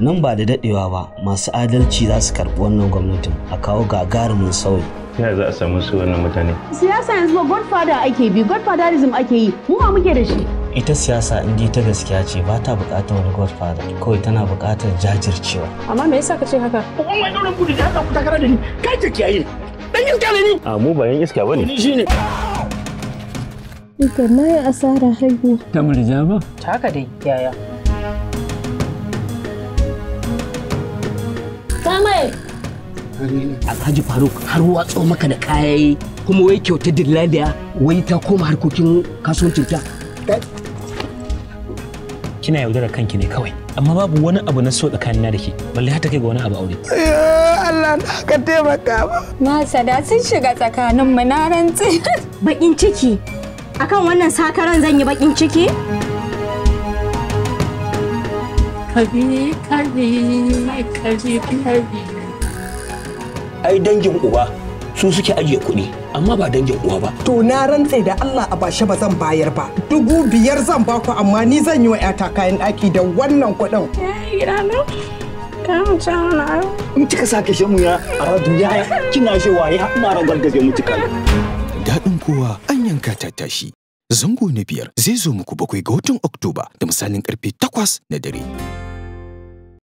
nan ba da dadewa ba masu adalci za su karbi wannan gwamnatin a kawo gagarumin sauyi ta za a samu su wannan mutane siyasa yanzu ba godfather ake bi godfatherism ake yi mu ma muke da shi ita siyasa in ta gaskiya ce ba ta buƙatar wani godfather kawai tana bukatar jajircewa amma me yasa ka ce haka ko kuma dole budi da haka ku takara da ni kai ke kiyaye dan iska ne ni a mu ba yan iska bane ni ne. Ika na yi asara haihu. Ta murja ba? Ta haka dai, yaya. Alhaji Faruk har watso maka da kayayi kuma wai kyauta dillaliya wai ta koma harkokin kasuwancinta. Eh. Kina yaudara kanki ne kawai. Amma babu wani abu na so tsakanina da ke balle har ta kai ga wani abu aure. Allah na ka taimaka ba. Masa sada sun shiga tsakanin mu na rantsi. Bakin ciki. Akan wannan sakaran zan yi bakin ciki? Kabi, kabi, kabi, kabi. ai dangin uba su suke ajiye kuɗi amma ba dangin uwa ba. To na rantse da Allah a bashe ba zan bayar ba. Dubu biyar zan baku amma ni zan yi wa 'yata kayan ɗaki da wannan kuɗin. In cika sake shan ya a radu ya kina shewa ya mara gargaje mu cika. Daɗin kowa an yanka ta tashi. Zango na biyar zai zo muku bakwai ga watan Oktoba da misalin karfe takwas na dare.